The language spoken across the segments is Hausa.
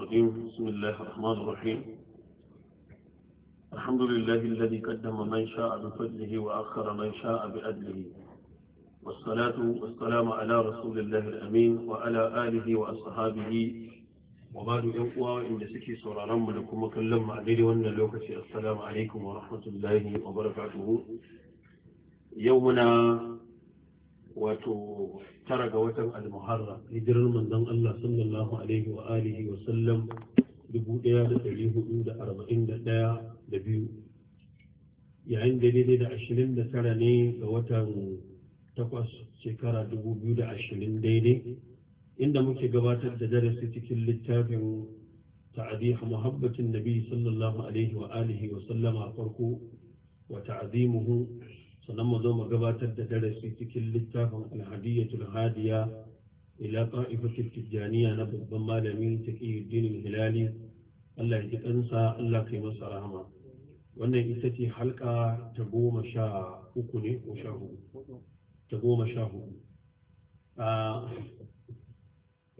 الرجيم بسم الله الرحمن الرحيم الحمد لله الذي قدم من شاء بفضله وأخر من شاء بأدله والصلاة والسلام على رسول الله الأمين وعلى آله وأصحابه وبعد ينقوى إن سكي سرارم لكم وكلم عليه وأن لوكسي السلام عليكم ورحمة الله وبركاته يومنا وتو tara ga watan al-muharram hijirar manzon Allah sallallahu alaihi wa alihi wa sallam ɗaya da ɗari da da da arba'in ɗaya biyu yayin da daidai da tara ne ga watan takwas shekara biyu da ashirin daidai inda muke gabatar da darasi cikin littafin تعذيح محبة النبي صلى الله عليه وآله وسلم فرقه وتعظيمه sannan mu zo mu gabatar da darasi cikin littafin alhadiyatul hadiya ila qa'ifatul tijaniya na babban malami taqiyuddin hilali Allah ya ji kansa Allah kai masa rahama wannan ita ce halka ta goma sha uku ne ko sha hudu ta goma sha hudu ah,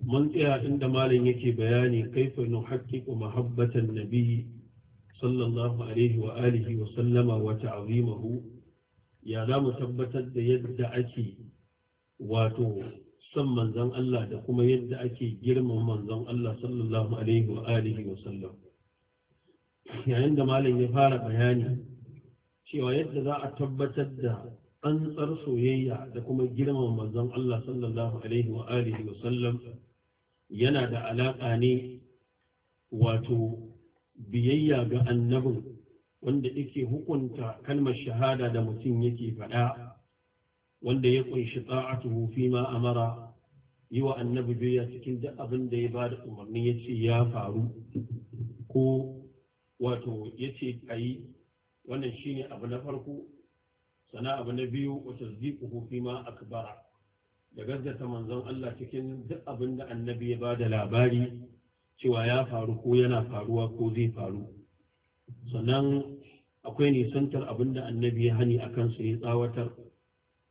mun tsaya inda malam yake bayani kaifa nuhaqqiqu mahabbatan nabi sallallahu alaihi wa alihi wa sallama wa ta'zimahu ya za mu tabbatar da yadda ake wato son manzon Allah da kuma yadda ake girman manzon Allah sallallahu alaihi wa alihi wa sallam yayin da malam ya fara bayani cewa yadda za a tabbatar da tsantsar soyayya da kuma girman manzon Allah sallallahu alaihi wa alihi wa sallam yana da alaƙa ne wato biyayya ga annabin wanda yake hukunta kalmar shahada da mutum yake faɗa wanda ya ƙunshi ta'atuhu fi ma amara yi wa annabi biya cikin duk abin da ya ba da umarni ya ce ya faru ko wato ya ce a yi wannan shine abu na farko sana abu na biyu wata ziƙuhu fi ma akbara da gaggata manzon Allah cikin duk abin da annabi ya ba da labari cewa ya faru ko yana faruwa ko zai faru sannan akwai nisantar abin da annabi ya hani a kansu ya tsawatar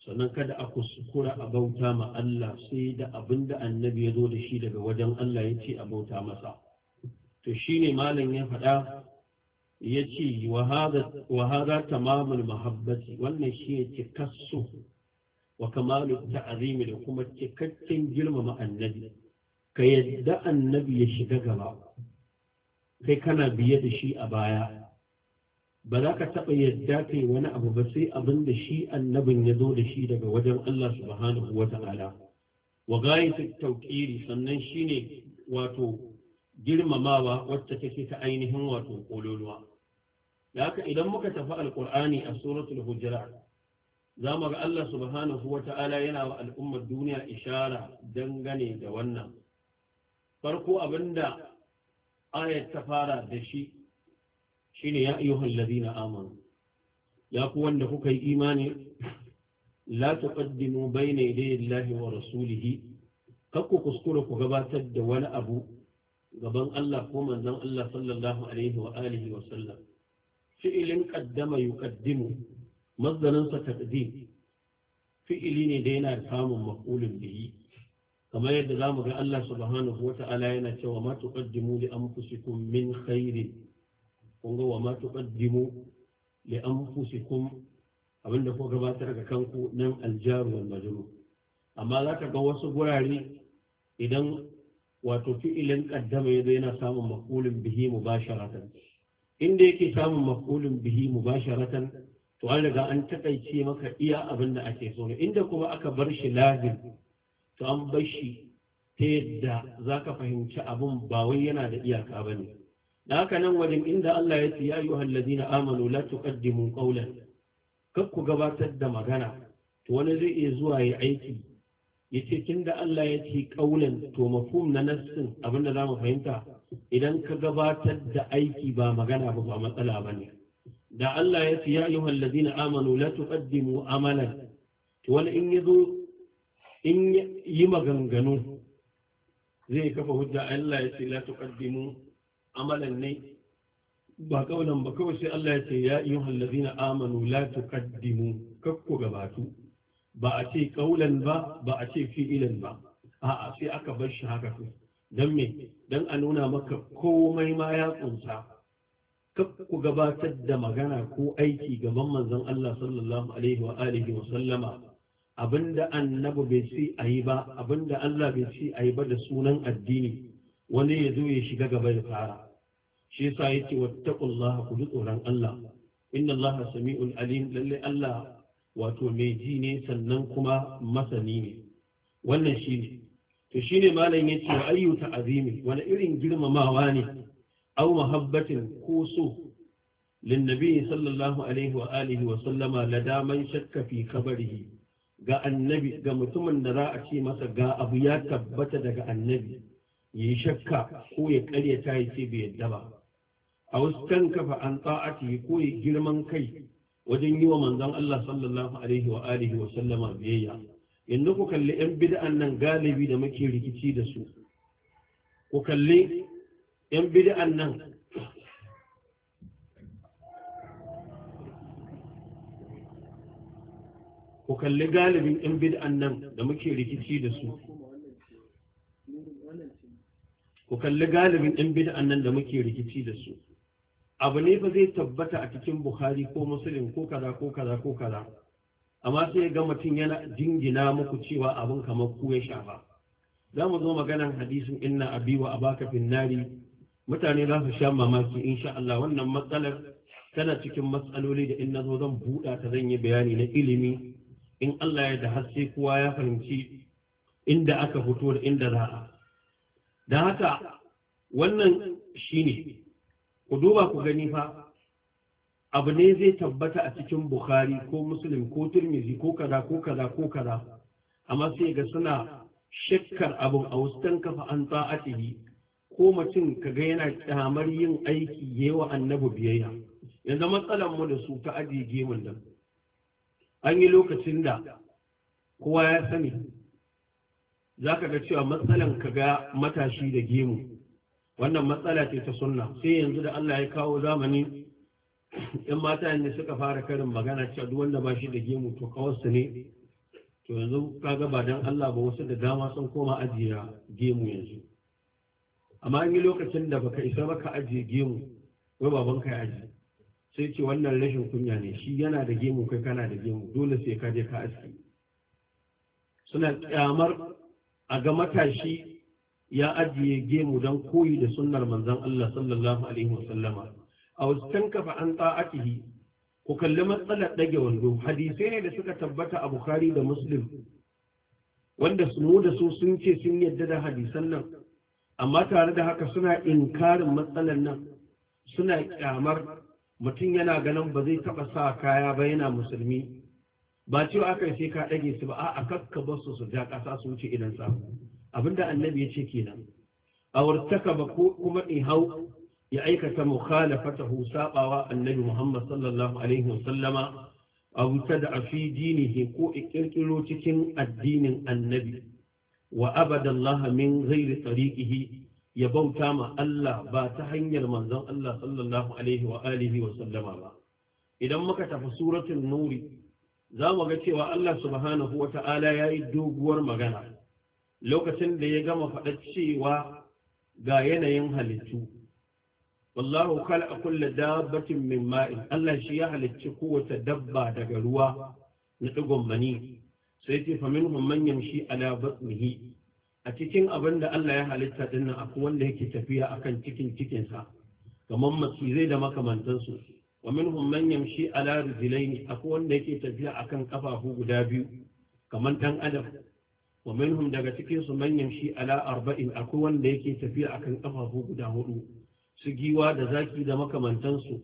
sannan kada a kuskura a bauta ma Allah sai da abin da annabi ya zo da shi daga wajen Allah ya ce a bauta masa to shi ne malam ya faɗa ya ce wa haza tamamul mahabbati wannan shi ya ce kasu wa kamalu ta'azimi da kuma cikakken girmama annabi ka yadda annabi ya shiga gaba kai kana biye da shi a baya ba za ka taɓa yadda kai wani abu ba sai abin da shi annabin ya zo da shi daga wajen Allah subhanahu wa ta'ala wa gayatu tawqiri sannan shine wato girmamawa wacce take ta ainihin wato kololuwa da haka idan muka tafi alqur'ani a suratul hujurat za mu ga Allah subhanahu wa ta'ala yana wa al'ummar duniya ishara dangane da wannan farko abinda Aya ta fara da shi shine ya ayyuhal ladina amanu ya ku wanda kuka yi imani la taqaddimu bayna yadayi wa rasulihi kakku kuskura ku gabatar da wani abu gaban Allah ko manzon Allah sallallahu alaihi wa alihi wa sallam fi'ilin qaddama yuqaddimu mazdanin sa taqdim fi'ili ne da yana samun maf'ulin bihi kamar yadda za mu ga Allah subhanahu wa ta'ala yana cewa ma tuqaddimu li anfusikum min khairin kun ga wa ma tuqaddimu li anfusikum abinda ko gabatar ga kanku nan aljaru wal majrur amma za ta ga wasu gurare idan wato fi'ilin kaddama yazo yana samun maqulun bihi mubasharatan inda yake samun maqulun bihi mubasharatan to an riga an takaice maka iya abinda ake so inda kuma aka bar shi lazim to an bar shi ta yadda za ka fahimci abin ba wai yana da iyaka ba ne da haka nan wajen inda Allah ya ce ya yi amanu la tuqaddimu qawlan kar ku gabatar da magana to wani zai iya zuwa ya aiki ya ce tun da Allah ya ce qawlan to mafhum na nassin abin da za mu fahimta idan ka gabatar da aiki ba magana ba ba matsala ba ne da Allah ya ce ya yi amanu la tuqaddimu amalan to wani in ya zo in yi maganganu zai kafa hujja Allah ya ce la tuqaddimu amalan ne ba kaunan ba kawai sai Allah ya ce ya yi hallazina amanu la tuqaddimu kakku gabatu ba a ce kaulan ba ba a ce fi'ilan ba a'a sai aka bar shi haka to dan me dan a nuna maka komai ma ya tsunsa kakku gabatar da magana ko aiki gaban manzon Allah sallallahu alaihi wa alihi wa sallama abinda annabi bai ce a yi ba abinda Allah bai ce a yi ba da sunan addini wani ya zo ya shiga gaba ya fara shi yasa yake wattaqullah ku ji tsoron Allah inna Allah sami'un alim lalle Allah wato mai ji ne sannan kuma masani ne wannan ne. to shine malam yace wa ayyu ta'zimi wani irin girmamawa ne aw mahabbatin ko so للنبي صلى الله عليه وآله وسلم لدى من شك في خبره ga annabi ga mutumin da za a ce masa ga abu ya tabbata daga annabi ya yi shakka ko ya karyata ya ce bai yadda ba a wasu kan kafa an tsa'ati ko ya girman kai wajen yi wa manzon Allah sallallahu alaihi wa alihi wa sallama biyayya yanzu ku kalli yan bid'an nan galibi da muke rikici da su ku kalli yan bid'an nan ku kalli galibin yan bid'an nan da muke rikici da su ku kalli galibin yan bid'an nan da muke rikici da su abu ne ba zai tabbata a cikin bukhari ko musulun ko kaza ko kaza ko kaza amma sai ga mutum yana jingina muku cewa abin kamar ku ya shafa za mu zo maganan hadisin inna abi wa abaka fin nari mutane za su sha mamaki insha Allah wannan matsalar tana cikin matsaloli da in nazo zan buɗa ta zan yi bayani na ilimi in Allah ya da har kowa ya fahimci inda aka fito da inda za a don haka wannan shine ku duba ku gani fa abu ne zai tabbata a cikin bukhari ko Musulun ko turmizi ko kaza ko kaza ko kaza amma sai ga suna shakkar abin a wustan kafa an ta'atihi ko mutum ga yana kyamar yin aiki yawa Annabu biyayya yanzu matsalar mu da su ta ajiye gemun da. an yi lokacin da kowa ya sani za ka ga cewa matsalan ka ga matashi da gemu wannan matsala ce ta sunna sai yanzu da Allah ya kawo zamani yan mata ne suka fara karin magana cewa duk wanda ba shi da gemu to kawarsa ne to yanzu kaga ba don Allah ba wasu da dama sun koma ajiye gemu yanzu amma an yi lokacin da baka isa baka ajiye gemu wai babanka ya ajiye sai ce wannan rashin kunya ne shi yana da gemu kai kana da gemu dole sai ka je ka aski suna kyamar a ga matashi ya ajiye gemu don koyi da sunnar manzon Allah sallallahu alaihi wasallama a wasu kafa an ta'atihi ku kalli matsalar ɗage wando hadisai ne da suka tabbata a Bukhari da Muslim wanda mu da su sun ce sun yadda da hadisan nan amma tare da haka suna inkarin matsalar nan suna kyamar mutum yana ganin ba zai taɓa sa kaya ba yana musulmi ba cewa aka sai ka ɗage su ba a kakka ba su ja ƙasa su wuce idan sa abinda annabi ya ce kenan a wartaka ba ko kuma in hau ya aikata mukhalafatahu sabawa annabi Muhammad sallallahu alaihi wasallama a ta da afi dinihi ko kirkiro cikin addinin annabi wa abadallaha min ghairi tariqihi ya bauta ma Allah ba ta hanyar manzon Allah sallallahu alaihi wa alihi wa sallama ba idan muka tafi suratul nuri za mu ga cewa Allah subhanahu wa ta'ala ya yi doguwar magana lokacin da ya gama faɗa cewa ga yanayin halittu wallahu khalaqa kulla dabbatin min ma'in Allah shi ya halicci kowace dabba daga ruwa na digon mani sai ce fa minhum man yamshi ala batnihi a cikin abin da Allah ya halitta dinnan akwai wanda yake tafiya akan cikin cikinsa kamar macizai da makamantansu wa minhum man yamshi ala rijlaini akwai wanda yake tafiya akan kafafu guda biyu kamar dan adam wa minhum daga cikin su man yamshi ala arba'in akwai wanda yake tafiya akan kafafu guda hudu su giwa da zaki da makamantansu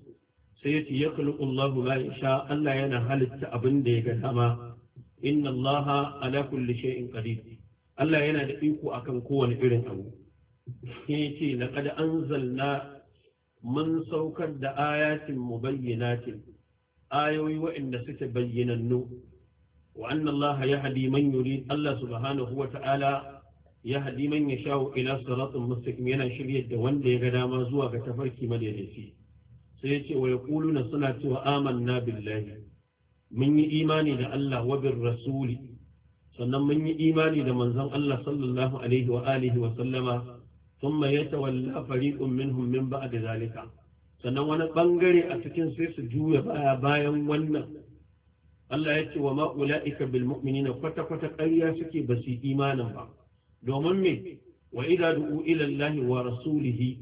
sai yace yakhluqu Allahu ma yasha Allah yana halitta abin da ya ga dama inna Allaha ala kulli shay'in qadir Allah yana da iko akan kowane irin abu sai ce laqad anzalna mun saukar da ayatin mubayyinatin ayoyi waɗanda suke bayyanannu wa anna Allah hadi man yurid Allah subhanahu wa ta'ala hadi man yasha'u ila siratin mustaqim yana shiryar da wanda ya ga dama zuwa ga tafarki madaidaici sai ya ce wa na suna cewa amanna billahi mun yi imani da Allah wa rasuli sannan mun yi imani da manzon Allah sallallahu alaihi wa alihi wa sallama thumma yatawalla fariqun minhum min ba'd zalika sannan wani bangare a cikin sai su juya baya bayan wannan Allah ya ce wa ma ula'ika bil mu'minina kwata kwata ƙarya suke ba su imanin ba domin me wa idza du'u ila Allah wa rasulihi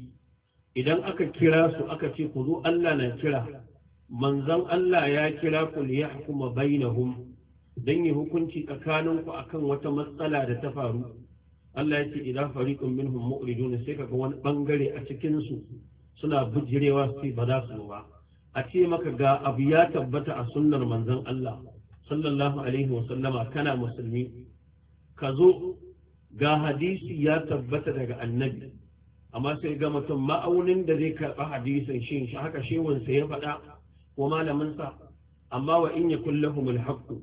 idan aka kira su aka ce ku zo Allah na kira manzon Allah ya kira ku li yahkuma bainahum don yi hukunci tsakaninku kan wata matsala da ta faru Allah ya ce idan fariqun minhum mu'ridun sai kaga wani ɓangare a cikin su suna bujirewa sai ba za su ba a ce maka ga abu ya tabbata a sunnar manzon Allah sallallahu alaihi wa sallama kana musulmi ka zo ga hadisi ya tabbata daga annabi amma sai ga mutum ma'aunin da zai karɓa hadisin shi haka shewansa ya faɗa wa malaminsa amma wa in yakun lahumul haqqu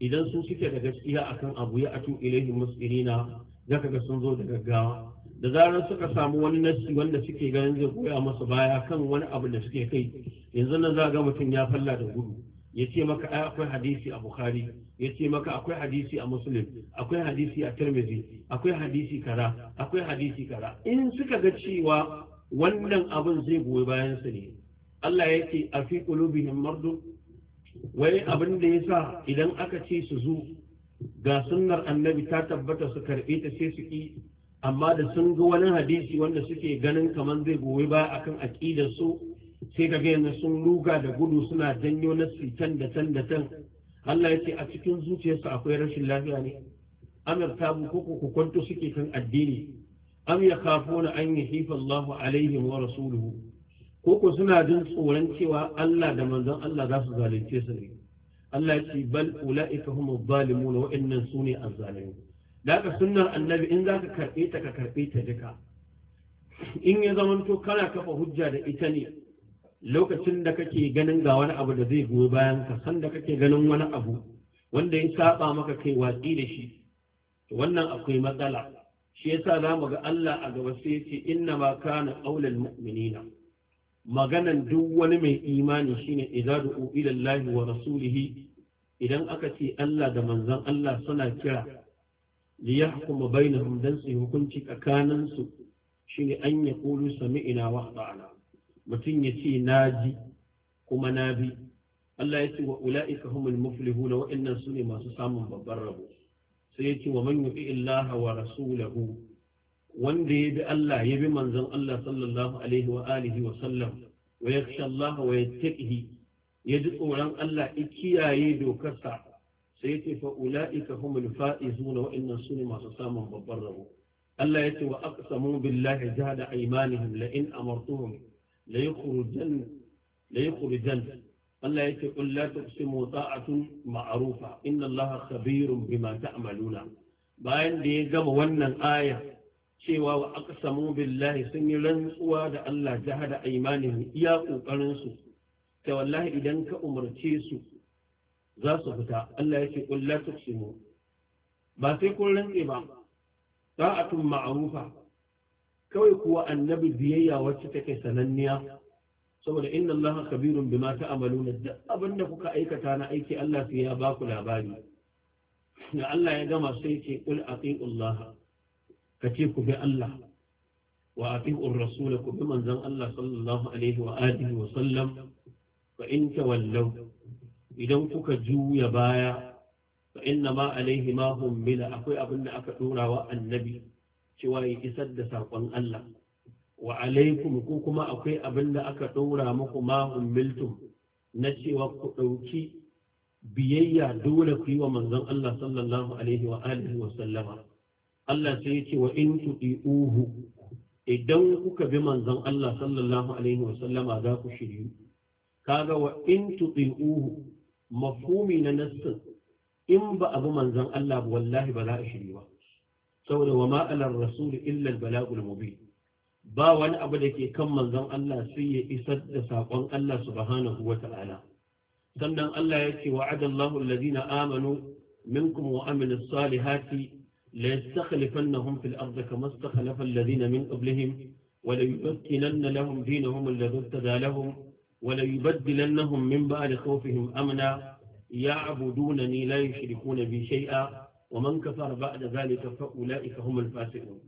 idan sun cike da gaskiya akan abu ya atu ilaihi musirina zaka ga sun zo da gaggawa da zarar suka samu wani nasi wanda suke ganin zai koya masa baya kan wani abu da suke kai yanzu nan za ga mutum ya falla da gudu ya ce maka ai akwai hadisi a bukhari ya ce maka akwai hadisi a muslim akwai hadisi a tirmidhi akwai hadisi Kara akwai hadisi Kara in suka ga cewa wannan abin zai goyi bayansa ne Allah yake a fi qulubihim mardu. Wai abin da ya sa idan aka ce su zo ga sunnar annabi ta tabbata su karɓe ta sai su ƙi amma da sun ga wani hadisi wanda suke ganin kamar zai goyi ba akan aƙidar su sai ga yanzu sun ruga da gudu suna janyo na can da can da can Allah ya ce a cikin zuciyarsu akwai rashin lafiya ne amir tabu ko ku kwanto suke kan addini am ya kafo na an yi Allahu alaihim wa rasuluhu ko ko suna jin tsoron cewa Allah da manzon Allah za su zalunce su ne Allah ce bal ulaika humu zalimun wa innan sune azzalimun da ka sunnar annabi in zaka karbe ta ka karbe ta duka in ya zamanto kana kafa hujja da ita ne lokacin da kake ganin ga wani abu da zai goyi bayan ka san da kake ganin wani abu wanda ya saba maka kai watsi da shi wannan akwai matsala shi yasa zamu ga Allah a gaba sai ya ce inna ma kana qaulul mu'minina maganan duk wani mai imani shine idadu du'u wa rasulihi idan aka ce Allah da manzon Allah suna kira li yahkuma bainahum dan su hukunci tsakaninsu, shine an ya qulu sami'na wa ata'na Mutum ya ce naji kuma na bi Allah ya ce wa ula'ika humul muflihun wa'annan sune masu samun babban rabo sai ya ce wa man yuti illaha wa rasulahu wanda ya bi Allah ya bi manzon Allah sallallahu alaihi wa alihi wa sallam wa yakhsha Allah wa yattaqihi ya ji tsoron Allah ya kiyaye dokarsa sai ya ce fa ulaika humul faizuna wa inna sunu masu samun babbar rabo Allah ya ce wa aqsamu billahi jahada aymanihim la in amartuhum la yukhrujan la yukhrujan Allah ya ce qul la tuqsimu ta'atun ma'rufa inna Allah khabirun bima ta'maluna bayan da ya gama wannan aya cewa wa aqsamu billahi sun yi rantsuwa da Allah jahada aymanihim iya kokarin su ta wallahi idan ka umarce su za su fita Allah ya ce qul la tuqsimu ba sai kun rantse ba ta'atun ma'rufa kawai kuwa annabi biyayya wacce take sananniya saboda inna Allah kabirun bima ta'maluna duk abinda kuka aikata na aiki Allah sai ya ba ku labari da Allah ya gama sai ce qul aqiqu Allah ka ce ku bi Allah wa ati'ur rasul ku bi manzon Allah sallallahu alaihi wa alihi wa sallam fa in tawallu idan kuka juya baya fa inna ma alaihi ma hummila akwai abin da aka dora wa annabi cewa ya isar da sakon Allah wa alaikum ko kuma akwai abin da aka dora muku ma hummiltum na cewa ku dauki biyayya dole ku yi wa manzon Allah sallallahu alaihi wa alihi wa sallama Allah sai ya ce wa in tudi'uhu idan kuka bi manzon Allah sallallahu alaihi wasallama za ku shiryu kaga wa in tudi'uhu mafhumi na nassin in ba abu manzon Allah ba wallahi ba za a shiryu ba saboda wa ma alar rasul illa al balagul mubin ba wani abu da ke kan manzon Allah sai ya isar da sakon Allah subhanahu wa ta'ala sannan Allah ya ce wa'adallahu alladhina amanu minkum wa amilus salihati ليستخلفنهم في الأرض كما استخلف الذين من قبلهم وليمكنن لهم دينهم الذي ارتدى لهم وليبدلنهم من بعد خوفهم أمنا يعبدونني لا يشركون بي شيئا ومن كفر بعد ذلك فأولئك هم الفاسقون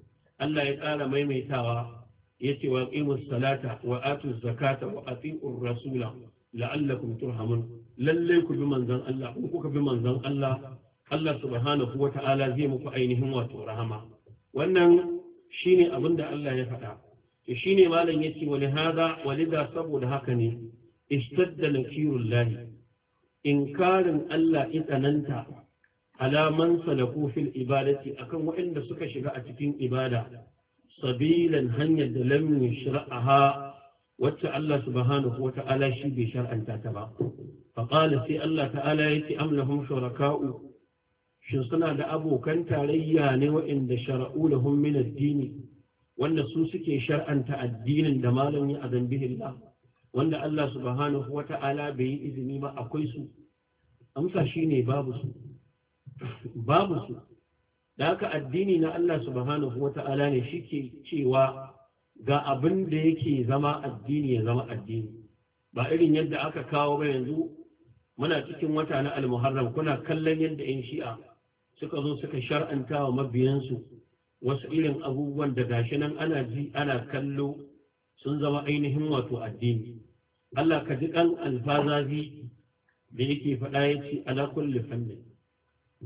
الله يقال ميميتاوا يتي وأقيموا الصلاة وآتوا الزكاة وأطيعوا الرسول لعلكم ترحمون لليك بمن ذن الله وكك بمن ذن الله Allah subhanahu wa ta'ala zai muku ainihin wato rahama wannan shine abin da Allah ya faɗa shine malam yace wani hada walida saboda haka ne istadda nakirul lahi inkarin Allah itsananta alaman salaku fil ibadati akan waɗanda suka shiga a cikin ibada sabilan hanyar da lam yushra'aha wacce Allah subhanahu wa ta'ala shi bai shar'anta ta ba fa sai Allah ta'ala yace am lahum shuraka'u Shin suna da abokan tarayya ne waɗanda shara'u lahum min addini wanda su suke shar'anta addinin da malami a zambihillah wanda Allah subhanahu wa ta'ala bai yi izini ba akwai su amsa shine babu su babu su da haka addini na Allah subhanahu wa ta'ala ne shike cewa ga abin da yake zama addini ya zama addini ba irin yadda aka kawo ba yanzu muna cikin wata na almuharram kuna kallon yadda 'yan shi'a suka zo suka shar'anta wa mabiyansu wasu irin abubuwan da gashi nan ana ji ana kallo sun zama ainihin wato addini Allah ka ji kan alfazazi da yake faɗa ya ce ala kulli fannin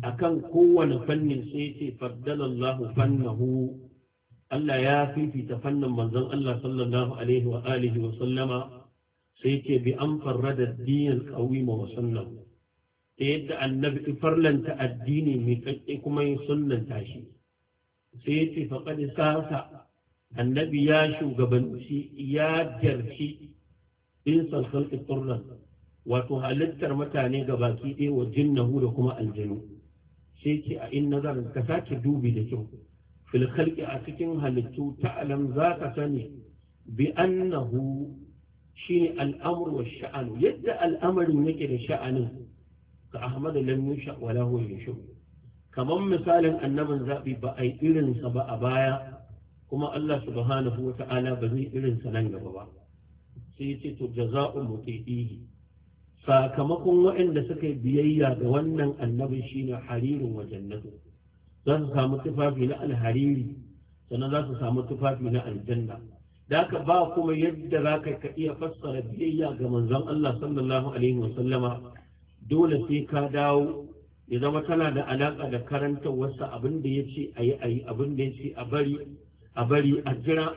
akan kowane fannin sai ce faddalallahu fannahu Allah ya fifita fannin manzon Allah sallallahu alaihi wa alihi wa sallama sai ce bi an farrada dinin qawima wa sallam da yadda annabi farlanta addini mai tsakke kuma yin sunanta shi sai ya ce faƙaɗi sasa annabi ya shugabanci ya jarci in salsalki turnan wato halittar mutane ga baki ɗaya wa jinnahu da kuma aljanu sai ce a in nazarin ka sake dubi da kyau Filkalki a cikin halittu ta'lam za ka sani bi annahu shine al'amru wa sha'anu yadda al'amarin yake da sha'anin ka ahmadu lam yusha wa lahu yushu kaman misalin annabin zabi ba ai irin sa ba a baya kuma Allah subhanahu wa ta'ala ba zai irin sa nan gaba ba sai yace to jaza'u mutiihi sakamakon waɗanda suka yi biyayya ga wannan annabin shine haririn wa jannatu za su samu tufafi na alhariri sannan za su samu tufafi na aljanna da ka ba kuma yadda za ka iya fassara biyayya ga manzon Allah sallallahu alaihi wa sallama dole sai ka dawo ya zama tana da alaƙa da karanta wasu abin da ya ce a yi a yi abin da ya ce a bari a bari a jira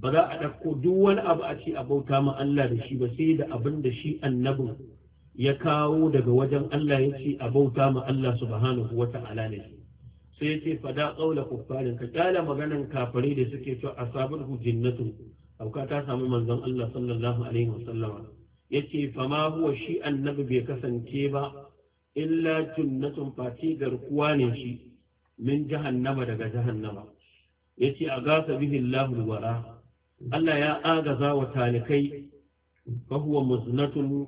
ba za a ɗauko duk wani abu a ce a bauta ma Allah da shi ba sai da abin da shi annabin ya kawo daga wajen Allah ya ce a bauta ma Allah subhanahu wa ta'ala ne sai ya ce fada ƙaula kuffarin ka ƙyala maganan kafare da suke cewa asabar jinnatu auka ta samu manzon Allah sallallahu alaihi wa yace fama huwa shi annabi bai kasance ba illa junnatun fati garkuwa ne shi min jahannama daga jahannama yace a gasa bihi Allahu wara Allah ya agaza wa talikai fa huwa muznatun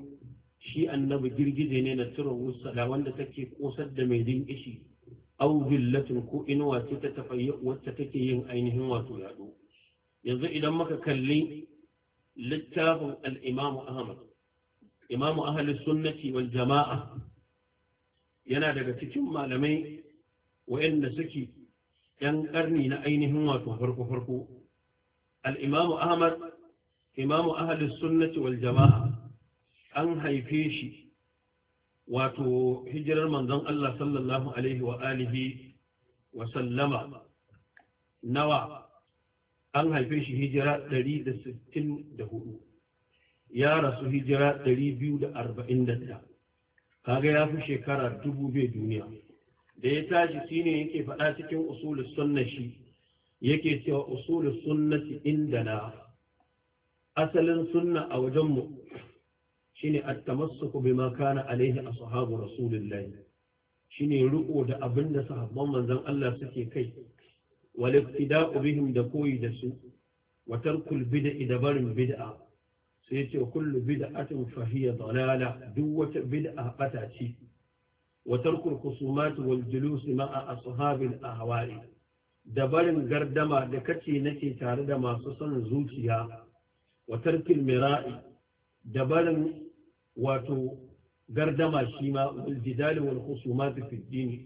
shi annabi girgije ne na wusa wusada wanda take kosar da mai din ishi au billatun ko inuwa ce ta tafayya wacce take yin ainihin wato yado yanzu idan muka kalli littafin al imamu Ahmad imamu ahli sunnati wal jama'a yana daga cikin malamai wa'anda suke yan karni na ainihin wato farko farko al-imamu ahmad imamu ahli sunnati wal jama'a an haife shi wato hijirar manzon Allah sallallahu alaihi wa sallama nawa an haife shi hijira da da sittin 164 ya rasu hijira 241 kaga ya fi shekara dubu bai duniya da ya tashi shine yake faɗa cikin usulul sunna shi yake cewa usulul inda na. asalin sunna a wajen mu shine at-tamassuku bima kana alaihi ashabu rasulillah shine riko da abin da sahabban manzon Allah suke kai wal iftida'u bihim da koyi da su wa tarkul bid'a da barin bid'a sai ce kullu bid'atin fa hiya dalala duk wata bid'a bata ce wa tarkul khusumat wal julus ma'a ashabil ahwa'i da barin gardama da kace nake tare da masu son zuciya wa tarkil mira'i da barin wato gardama shi ma wal jidal wal khusumat fi dini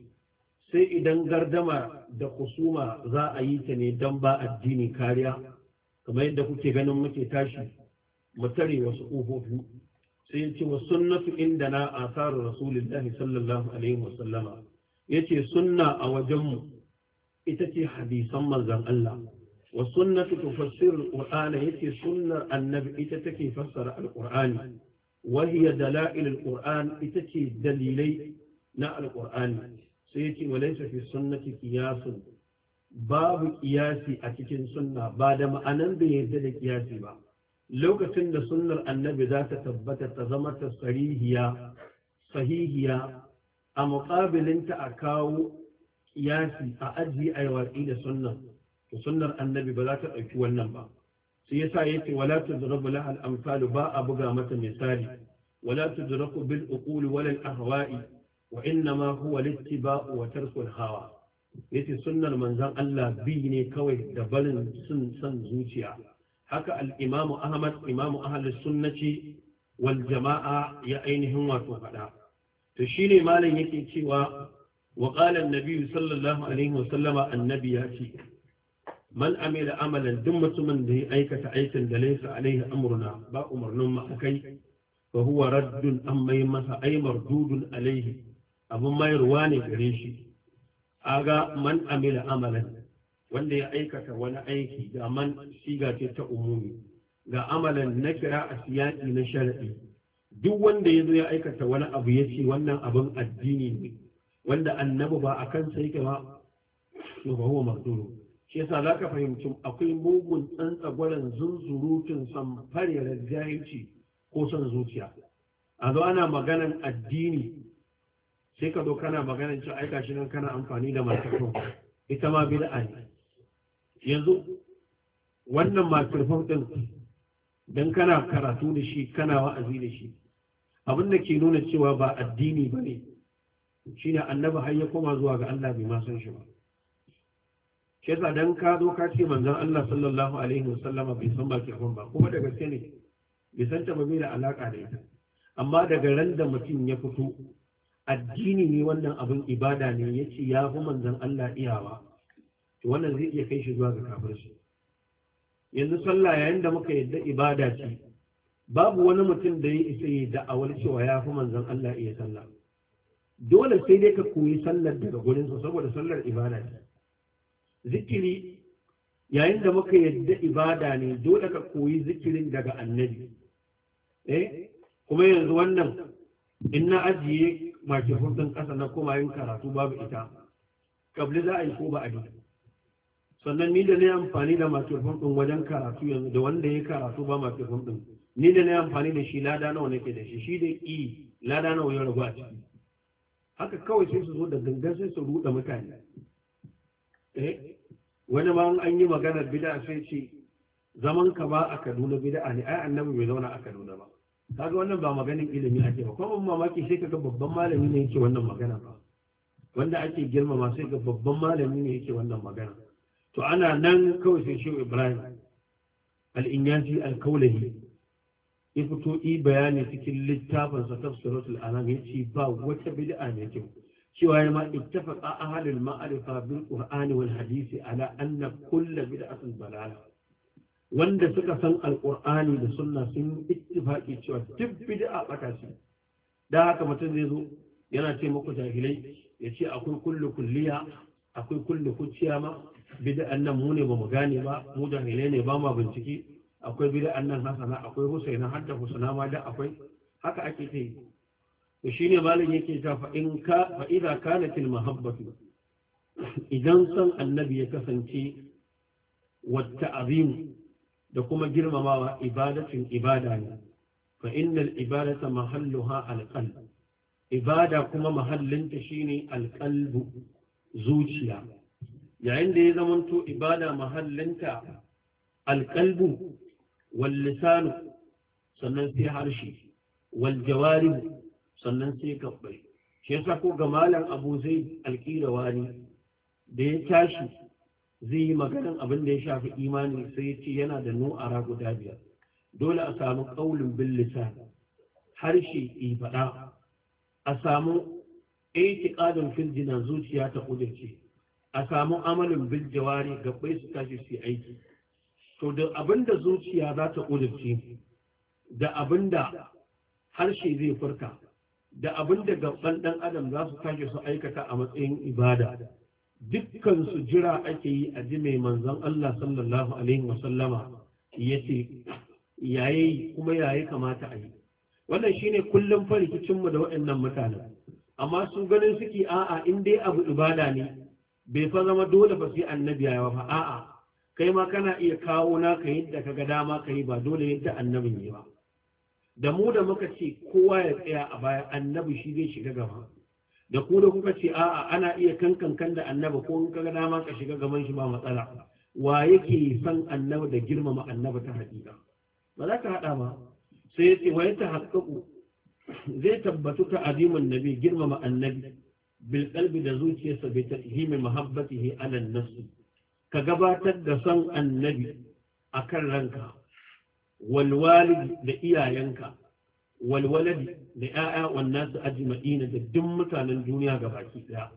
sai idan gardama da kusuma za a yi ta ne don ba addini kariya kamar yadda kuke ganin muke tashi Mutare wasu ƙofofi sai ya ce wa sunnatu inda na asarar rasulullahi sallallahu alaihi ya ce sunna a wajenmu ita ce hadisan manzan Allah wa sunnatu tufassiru ya yace sunnar annabi ita take fassara alqur'ani wa hiya dalail alqur'an ita ce dalilai na alqur'ani sai yace wa laysa fi sunnati qiyasun babu qiyasi a cikin sunna ba da ma'anan da yadda da qiyasi ba lokacin da sunnar annabi za ta tabbata ta zama ta sahihiya a muƙabilinta a kawo yasi a ajiye a watsi da sunnar to sunnar annabi ba za ta ɗauki wannan ba sai yasa ce, wala ta laha lahal amsalu ba a buga mata misali wala tudraku bil uquli wala al-ahwa'i wa innama huwa al-ittiba'u wa tarku al-hawa yace sunnar manzon Allah bi ne kawai da barin sun san zuciya haka al ahmad imam ahli sunnaci wal jama'a ya ainihin wato faɗa to shine malam yake cewa wa qala nabi sallallahu alaihi wa annabi ya ce man amila amalan duk mutumin da ya aikata aikin da laysa alaihi amruna ba umarnin a kai. fa huwa raddun amma masa ai mardudun alaihi abun mayarwa ne gare shi aga man amila amalan wanda ya aikata wani aiki da man siga ce ta umumi ga amalan na kira a na sharaɗi duk wanda ya zo ya aikata wani abu ya ce wannan abin addini ne wanda annabi ba a kansa yake ba to ba huwa mazduru shi yasa za ka fahimci akwai mugun tsantsagwaren zunzurutun samfarewar jahilci ko son zuciya a zo ana maganan addini sai ka zo kana maganan cewa aika shi nan kana amfani da masu ita ma bid'a ne yanzu wannan masir ɗin don kana karatu da shi kana wa'azi da shi abin da ke nuna cewa ba addini ba ne shi ne annabi har ya koma zuwa ga Allah bai masan shi ba Ke yasa dan ka zo ka ce manzan Allah sallallahu alaihi wasallama bai san abin ba kuma daga ne bai san ta ba da alaka da ita amma daga ran da mutum ya fito addini ne wannan abin ibada ne ya ce ya fi manzan Allah iyawa to wannan zai iya kai shi zuwa ga kafirci yanzu sallah yayin da muka yadda ibada ce babu wani mutum da ya isa yi da'awar cewa ya fi manzon Allah iya sallah dole sai dai ka koyi sallar daga gurin sa saboda sallar ibada ce zikiri yayin da muka yadda ibada ne dole ka koyi zikirin daga annabi eh kuma yanzu wannan in na ajiye makifurtun kasa na kuma yin karatu babu ita kabli za a yi ko ba a yi sannan ni da na yi amfani da microphone ɗin wajen karatu yanzu da wanda ya karatu ba microphone ɗin ni da na yi amfani da shi lada nawa nake da shi shi da i e, lada nawa ya rabu a ciki haka kawai sai su zo da gangan sai su ruɗa mutane eh wani ma an yi maganar bid'a sai ce zaman ka ba a Kaduna bid'a ne ai annabi bai zauna a Kaduna ba kaga wannan ba maganin ilimi ake ba kuma mamaki sai kaga babban malami ne yake wannan magana ba wanda ake girmama sai ga babban malami ne yake wannan magana to ana nan kawai sai shehu ibrahim al'inyanci alkaulahi ya fito yi bayani cikin littafin sa tafsiratul anam ya ce ba wata bid'a mai kyau cewa ya ma ittafaqa ahlul ma'rifa bil qur'ani wal hadisi ala anna kullu bid'atin dalala wanda suka san alqur'ani da sunna sun ittifaqi cewa duk bid'a bata ce da haka mutum zai zo yana ce muku jahilai ya ce akwai kullu kulliya akwai kulle kuciya ma bida'an nan mu ne ba mu gane ba mu jahilai ne ba ma bincike akwai bida'an nan hasana akwai husaina har da husana ma da akwai haka ake ta yi to shine malam yake ta fa in ka fa idza kanat al idan san annabi ya kasance wata ta'zim da kuma girmamawa ibadatin ibada ne fa innal ibadata mahalluha al ibada kuma mahallinta shine al zuciya yayin da ya zamanto ibada mahallinta alƙalbu wal lisanu sannan sai harshe wal jawarihu sannan sai gabbai shi yasa ko ga malam Abu zai al wari da ya tashi zai yi maganan abin da ya shafi imani sai ya ce yana da nu'ara guda biyar dole a samu ƙaulin bin lisan harshe ibada a samu itiqadun fil jina zuciya ta kudirce a samu amalin bil jawari gabai su tashi su aiki to da abinda zuciya za ta kudirce da abinda harshe zai furta da abinda gaban ɗan adam za su tashi su aikata a matsayin ibada dukkan su jira ake yi a ji mai manzon Allah sallallahu alaihi wasallama yace yayi kuma yayi kamata a yi wannan shine kullum mu da waɗannan mutanen amma su ganin suke a'a in dai abu ibada ne bai fa zama dole ba sai annabi ya fa a'a kai ma kana iya kawo na naka yadda ka ga dama ka yi ba dole yadda annabin yi ba da mu da muka ce kowa ya tsaya a baya annabi shi zai shiga gaba da ku da kuka ce a'a ana iya kankankan da annabi ko in ka ga dama ka shiga gaban shi ba matsala wa yake san annabi da girmama annabi ta hakika ba za ka haɗa ba sai ya ce wa ya ta zai tabbatu ta azimin nabi girmama annabi bil da zuciyarsa bi tahimi mahabbatihi ala nafsi ka gabatar da son annabi akan ranka walwali da iyayenka wal da ƴaƴa wannan su ajma'ina da duk mutanen duniya baki daya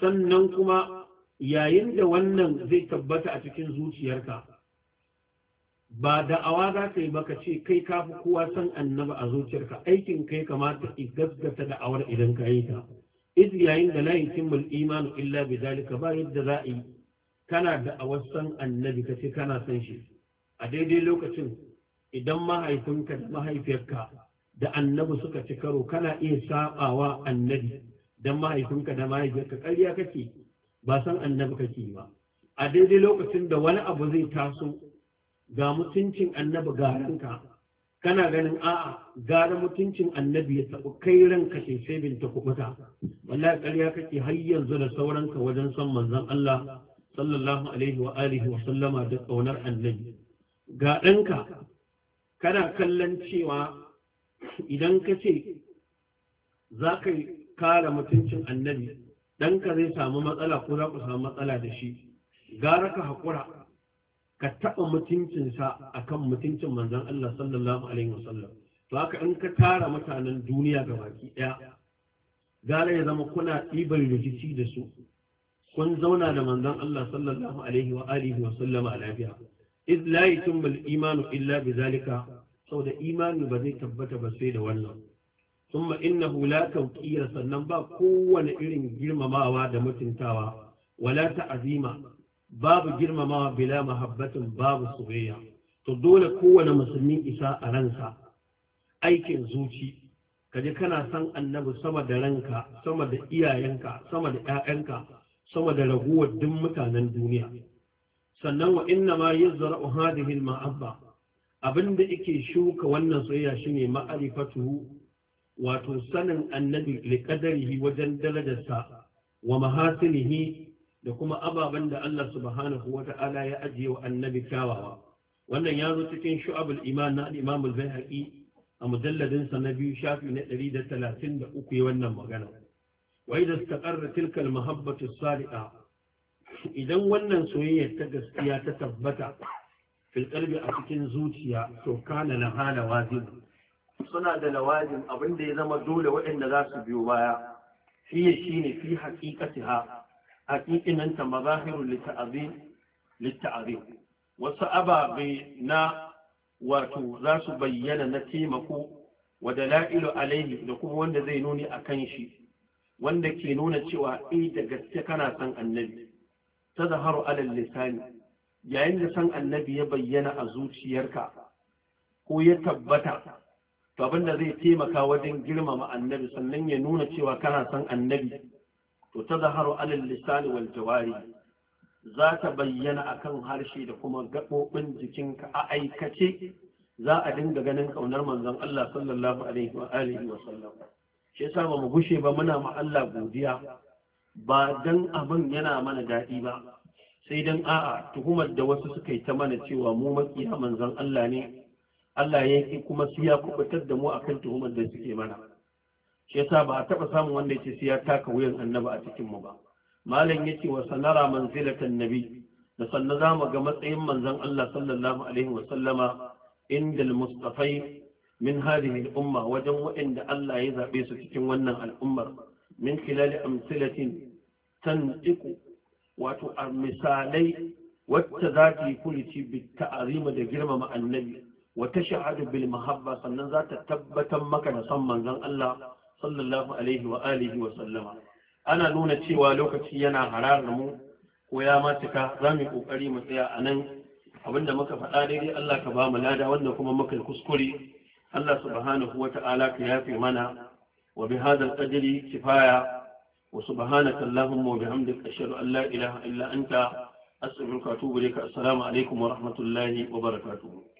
sannan kuma yayin da wannan zai tabbata a cikin zuciyarka ba da'awa za ka yi baka ce kai ka fi kowa san annaba a zuciyarka aikin kai kamata i gaskata da'awar idan ka yi ta iz yayin da layin kimbal imanu illa bi dalika ba yadda za a yi kana da'awar san annabi ka ce kana san shi a daidai lokacin idan mahaifinka da mahaifiyarka da annabi suka ci karo kana iya sabawa annabi dan mahaifinka da mahaifiyarka ƙarya kake ba san annabi kake ba a daidai lokacin da wani abu zai taso ga mutuncin annabi ga kana ganin a'a gara mutuncin annabi ya taɓa kai ranka ce sai binta ta kubuta wallahi ƙarya kake har yanzu da sauranka wajen son manzon Allah sallallahu alaihi wa alihi wa sallama da ƙaunar annabi ga ɗanka kana kallon cewa idan ka ce za ka kare mutuncin annabi ɗanka zai samu matsala ko za ku samu matsala da shi gara ka haƙura ka taɓa mutuncinsa a kan mutuncin manzan Allah sallallahu Alaihi wasallam. To haka in ka tara mutanen duniya ga baki ɗaya, gara ya zama kuna ɗibar rikici da su, kun zauna da manzan Allah sallallahu Alaihi wa alihi wa a lafiya. Iz la yutimul imanu illa bi zalika sau da imani ba zai tabbata ba sai da wannan. Summa innahu la tawqira sannan ba kowane irin girmamawa da mutuntawa wala ta'azima babu girmamawa bila mahabbatin babu soyayya to dole kowane musulmi isa a ransa aikin zuci kaje kana san annabi sama da ranka sama da iyayenka sama da ƴaƴanka sama da raguwar duk mutanen duniya sannan wa inna ma yazra'u hadhihi al-mahabba abinda yake shuka wannan soyayya shine ma'rifatuhu wato sanin annabi liqadarihi wajen darajarsa wa mahasinihi da kuma ababen da Allah subhanahu wa ta'ala ya ajiye wa annabi kyawawa wannan ya zo cikin shu'abul iman na imam al-bayhaqi a mujalladin sa na biyu shafi na 133 ya wannan magana wa idza istaqarra tilka al-mahabbatu as-sadiqa idan wannan soyayya ta gaskiya ta tabbata fil qalbi a cikin zuciya to kana lahala wajib suna da lawajin abinda ya zama dole waɗanda za su biyo baya shi ne fi haƙiƙatiha haƙiƙinan ta mazahiru litta'azi wasu ababe na wato za su bayyana na taimako wa dala'ilu alaihi da kuma wanda zai nuni a kan shi wanda ke nuna cewa eh da gaske kana san annabi ta zaharu alal lisani yayin da san annabi ya bayyana a zuciyarka ko ya tabbata to abinda zai taimaka wajen girmama annabi sannan ya nuna cewa kana san annabi to ta zaharu alal lisani wal jawari za ta bayyana akan harshe da kuma gaɓoɓin jikinka a aikace za a dinga ganin ƙaunar manzon Allah sallallahu alaihi wa alihi wa sallam shi yasa ba mu gushe ba muna ma Allah godiya ba dan abin yana mana daɗi ba sai dan a'a tuhumar da wasu suka yi ta mana cewa mu makiya manzon Allah ne Allah ya yi kuma su ya kubutar da mu akan tuhumar da suke mana shi yasa ba a taɓa samun wanda ya ce sai ya taka wuyan annabi a cikin mu ba malam ya ce wa sanara manzilatan nabi da sannan za mu ga matsayin manzon Allah sallallahu alaihi wa sallama inda al-mustafai min hadhihi al-umma wajen waɗanda Allah ya zabe su cikin wannan al'ummar min khilali amsilatin tantiqu wato misalai wacce za ta yi kulici bi ta'azima da girmama annabi wa tashhadu bil mahabba sannan za ta tabbatar maka da son manzon Allah sallallahu alaihi wa alihi wa sallama ana nuna cewa lokaci yana hararar mu ko ya ma cika za mu yi kokari mu tsaya a nan abinda muka faɗa daidai Allah ka ba mu lada wanda kuma muka kuskure Allah subhanahu wata'ala ka yafe mana wa bi hadal qadri kifaya wa subhanaka allahumma wa bihamdika ashhadu an la ilaha illa anta astaghfiruka wa atubu ilaik assalamu alaikum wa rahmatullahi wa barakatu.